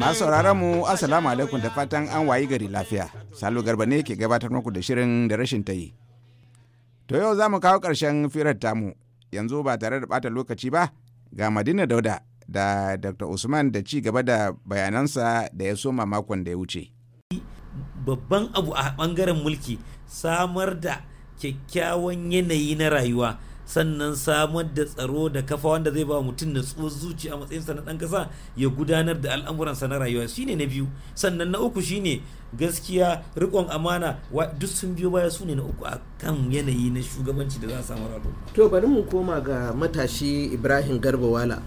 Masu sauraron mu Assalamu alaikum da fatan an wayi gari lafiya. Salo Garba ne ke gabatar muku da shirin da rashin ta yi. To yau za mu kawo ƙarshen firar tamu yanzu ba tare da ɓata lokaci ba ga Madina Dauda da Dr. Usman da ci gaba da bayanansa da ya soma makon da ya wuce. Babban abu a ɓangaren mulki samar da kyakkyawan yanayi na rayuwa. sannan samar da tsaro da kafa wanda zai ba mutum natsuwar zuci a matsayinsa na ɗan ƙasa ya gudanar da al'amuransa na rayuwa shine na biyu sannan na uku shine gaskiya riƙon amana duk sun biyo baya su ne na uku a kan yanayi na shugabanci da za a samu al'umma. to bari mu koma ga matashi ibrahim garba wala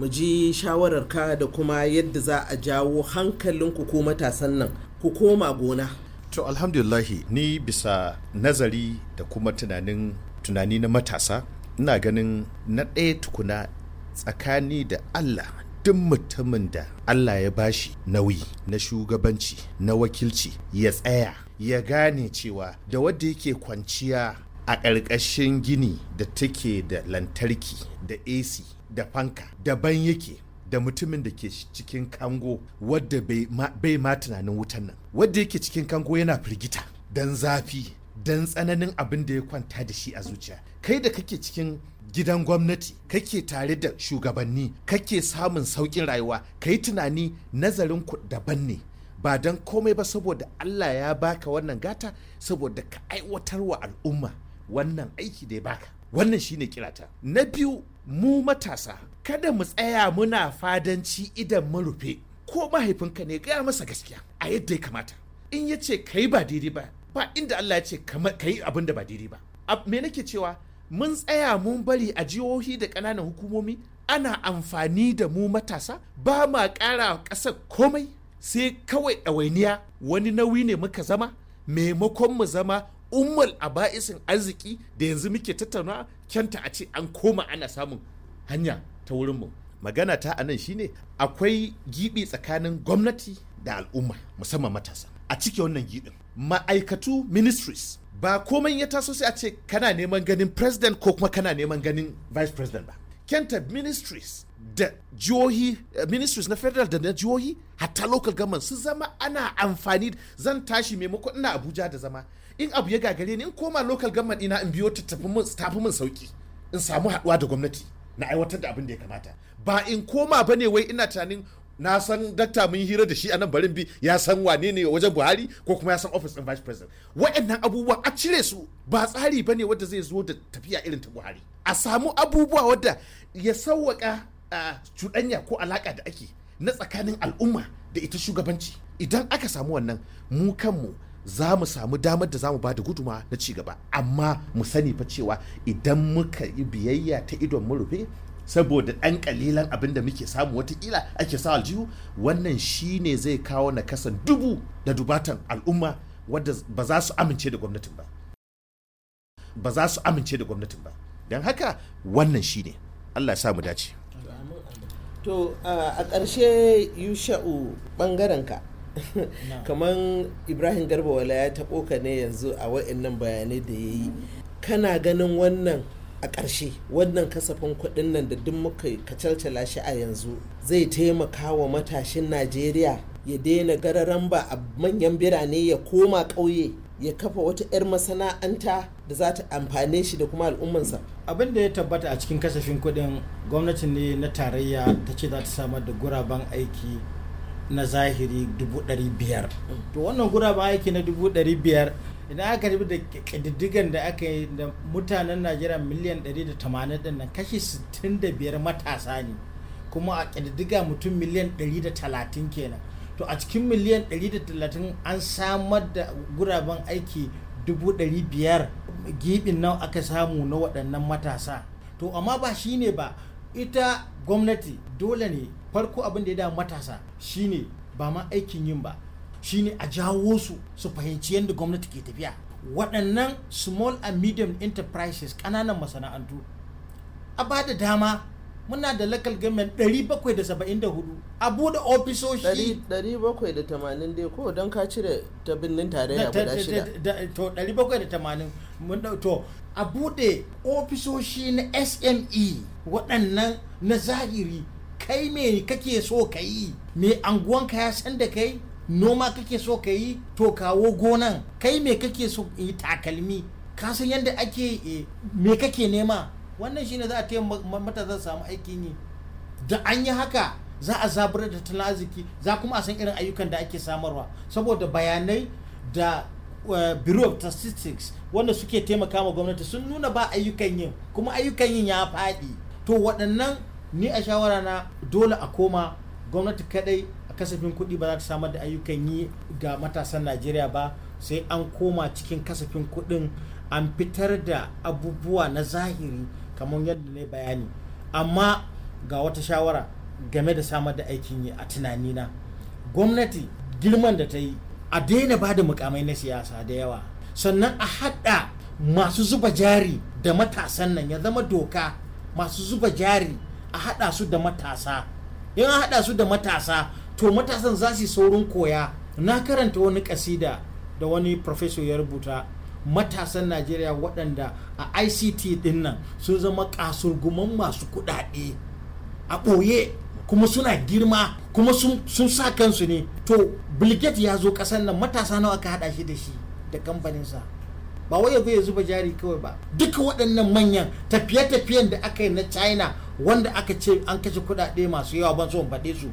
mu ji shawarar ka da kuma yadda za a jawo hankalin ku ko matasan nan ku koma gona. to alhamdulillahi ni bisa nazari da kuma tunanin tunani na matasa ina ganin na ɗaya tukuna tsakani da allah duk mutumin da allah ya bashi nauyi na shugabanci na wakilci ya tsaya ya gane cewa da wadda yake kwanciya a ƙarƙashin gini da take da lantarki da ac da fanka daban yake da mutumin da ke cikin kango wadda bai ma tunanin wutan nan wadda yake cikin kango yana firgita don zafi don tsananin abin da ya kwanta da shi a zuciya kai da kake cikin gidan gwamnati kake tare da shugabanni kake samun sauƙin rayuwa ka yi tunani nazarin ku daban ne ba don komai ba saboda allah ya baka wannan gata saboda ka aiwatar wa al'umma wannan aiki da ya baka wannan shine kirata na biyu mu matasa kada mu tsaya muna fadanci idan mu rufe ko mahaifinka ne gaya masa gaskiya a yadda ya kamata in ya ce kai ba daidai ba ba inda Allah ya ce ka yi abin da ba daidai ba me nake cewa mun tsaya mun bari a jihohi da ƙananan hukumomi ana amfani da mu matasa ba ma ƙara ƙasar komai sai kawai ɗawainiya wani nauyi ne muka zama maimakon mu zama a ba'isin arziki da yanzu muke tattauna kyanta a ce an koma ana samun hanya ta wurin mu magana ta anan shine akwai gibi tsakanin gwamnati da al'umma musamman matasa a cike wannan gibin ma'aikatu ministries ba komai ya taso sai a ce kana neman ganin president ko kuma kana neman ganin vice president ba kenta ministries da jihohi eh, ministries na federal da na jihohi hatta local government su zama ana amfani zan tashi maimakon ina abuja da zama in abu ya gagare ni in koma local government ina in biyo ta tafi min sauki in samu haduwa da gwamnati na aiwatar da abin da ya kamata ba in koma ba ne wai ina tunanin na san dakta mun hira da shi a nan barin bi ya san wane ne wajen buhari ko kuma ya san office din vice president waɗannan abubuwa a cire su ba tsari ba ne wadda zai zo da tafiya irin ta buhari a samu abubuwa wadda ya sauwaƙa a cuɗanya ko alaƙa da ake na tsakanin al'umma da ita shugabanci idan aka samu wannan mu kanmu za mu samu damar da za mu ba da guduma na cigaba amma mu sani fa cewa idan muka yi biyayya ta idon mu rufe saboda ɗan ƙalilan abin da muke samu watakila ake sa aljihu wannan shi ne zai kawo nakasan dubu da dubatan al'umma wadda ba za su amince da gwamnatin ba ba za su amince da gwamnatin ba don haka wannan shi ne allah samu dace to a ƙarshe yusha'u ka, kamar ibrahim garba wala ya taɓo ka ne yanzu a wa'in nan bayanai da ya yi kana ganin wannan a ƙarshe wannan kasafin kuɗin nan da duk muka kacalcala shi a yanzu zai taimaka wa matashin najeriya ya daina gararan ba a manyan birane ya koma ƙauye ya kafa wata 'yar masana'anta da za ta amfane shi da kuma al'ummansa abin da ya tabbata a cikin kasafin kuɗin gwamnati ne na tarayya ta ce za ta samar da guraben aiki na zahiri 500 mm. to wannan guraben aiki na 500 idan aka ribi da kididdigan da aka yi da mutanen najeriya miliyan 180 din nan kashi 65 matasa ne kuma a kididdiga mutum miliyan 130 kenan to a cikin miliyan 130 an samar da guraben aiki 500 gibin nan aka samu na waɗannan matasa to amma ba shi ne ba ita gwamnati dole ne farko abin da ya da matasa shine ba ma aikin yin ba shine a jawo su su fahimci yadda gwamnati ke tafiya waɗannan small and medium enterprises ƙananan masana'antu a ba da dama muna da local government 774 a buɗe ofisoshi 780 dai ko don ka cire ta birnin tarayya guda shida to 780 mun to a buɗe ofisoshi na sme waɗannan na zahiri kai me kake so ka yi me anguwanka ya san da kai noma kake so ka yi to kawo gonan kai me kake so yi takalmi kasan yadda ake eh, me kake nema wannan shine za a taya zan samu aikin yi da an yi haka za a zabar da tattalin arziki za kuma a san irin ayyukan da ake samarwa saboda bayanai da eh, bureau of statistics wanda suke taimaka ma gwamnati sun nuna ba ayyukan yin kuma ayyukan yin ya faɗi to waɗannan ni a shawara na dole a koma gwamnati kadai kasafin kuɗi ba za ta samar da ayyukan yi ga matasan najeriya ba sai an koma cikin kasafin kuɗin an fitar da abubuwa na zahiri kamar yadda na bayani amma ga wata shawara game da samar da aikin yi a tunanina gwamnati girman da ta yi a daina ba da mukamai na siyasa da yawa sannan a haɗa masu zuba jari da matasan nan ya zama doka masu zuba jari a haɗa su da matasa in an haɗa su da matasa to matasan za su saurin koya na karanta wani kasida da wani professor ya rubuta matasan najeriya waɗanda a ict ɗin nan sun zama kasurguman masu kuɗaɗe a ɓoye kuma suna girma kuma sun sa kansu ne to bilget ya zo ƙasar nan matasa nawa aka haɗa shi da shi da kamfaninsa ba wai ya zuba jari kawai ba duka waɗannan manyan tafiye-tafiyen da aka yi na china wanda aka ce an kashe kuɗaɗe masu yawa ban so faɗe su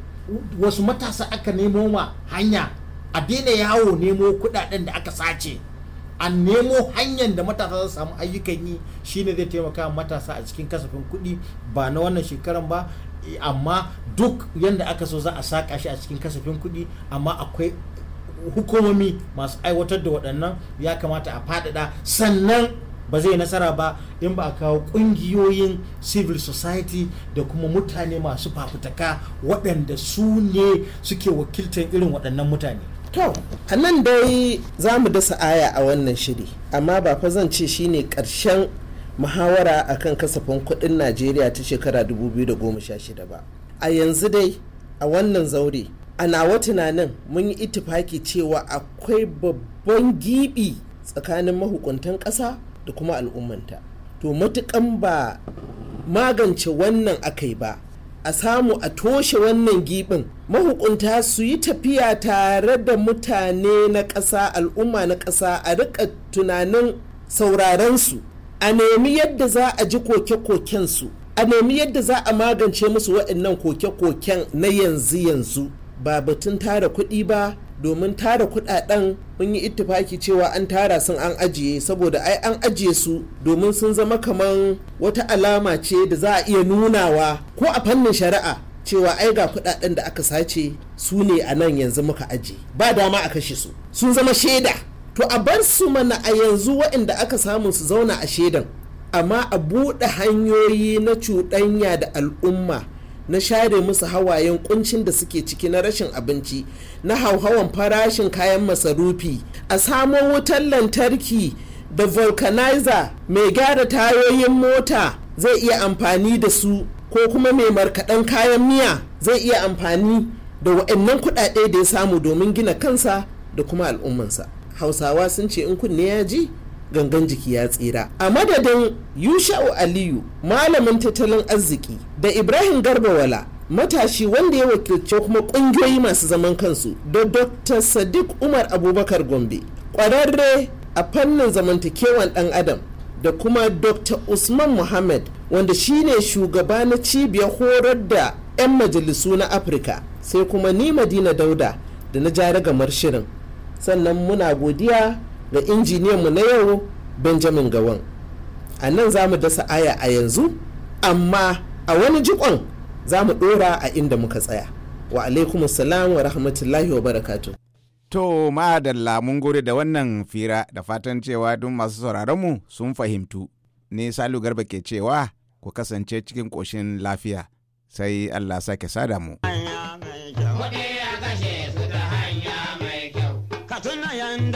wasu matasa aka nemo ma hanya a daina yawo nemo kudaden da aka sace a nemo hanyar da matasa za su samu ayyukan yi shine zai taimaka matasa a cikin kasafin kuɗi ba na wannan shekaran ba amma duk yadda aka so za a saka shi a cikin kasafin kuɗi amma akwai hukumomi masu aiwatar da waɗannan ya kamata a faɗaɗa sannan ba zai nasara ba in ba a kawo kungiyoyin civil society da kuma mutane masu fafutaka waɗanda su ne suke wakiltar irin waɗannan mutane to a nan dai za mu dasa aya a wannan shiri amma ba fa zan ce shine ƙarshen muhawara kan kasafin kuɗin najeriya ta shekara 2016 ba a yanzu dai a wannan zaure a nawa tunanin mun yi itifaki cewa akwai babban gibi tsakanin mahukuntan ƙasa da kuma al'ummanta to matukan ba magance wannan akai ba a samu a toshe wannan gibin mahukunta su yi tafiya tare da mutane na ƙasa al'umma na ƙasa a rika tunanin su, a nemi yadda za a ji koke-kokensu a nemi yadda za a magance musu waɗannan koke-koken na yanzu-yanzu ba batun tara kuɗi ba domin tara kudaden mun yi ittifaki cewa an tara sun an ajiye saboda ai an ajiye su domin sun zama kamar wata alama ce da za a iya nunawa ko a fannin shari'a cewa ai ga kudaden da aka sace su ne a nan yanzu muka ajiye ba dama a kashe su sun zama shaida to a bar su mana a yanzu waɗanda aka samu su zauna a shaidan amma a buɗe hanyoyi na cuɗanya da al'umma na share musu hawayen kuncin da suke ciki na rashin abinci na hauhawan farashin kayan masarufi a samo wutar lantarki da vulcanizer mai gyara tayoyin mota zai iya amfani da su ko kuma mai markaɗan kayan miya zai iya amfani da wa'annan kuɗaɗe da ya samu domin gina kansa da kuma al'ummansa hausawa sun ce in kunne ya ji gangan jiki ya tsira a madadin yusha'u aliyu malamin tattalin arziki da ibrahim garbawala matashi wanda ya wakilce kuma kungiyoyi masu zaman kansu da dr sadiq umar abubakar gombe kwararre a fannin zamantakewan dan adam da kuma dr usman muhammad wanda shine shugaba na cibiyar horar da 'yan majalisu na afirka sai kuma ni madina dauda da na ja gamar shirin sannan muna godiya da mu na yau benjamin gawan a nan za mu dasa aya a yanzu amma a wani jikon za mu ɗora a inda muka tsaya wa alaikum salam wa rahmatullahi wa barakatu to ma da lamun gode da wannan fira da fatan cewa duk masu mu sun fahimtu ne salu garba ke cewa ku kasance cikin ƙoshin lafiya sai allah sake sada mu.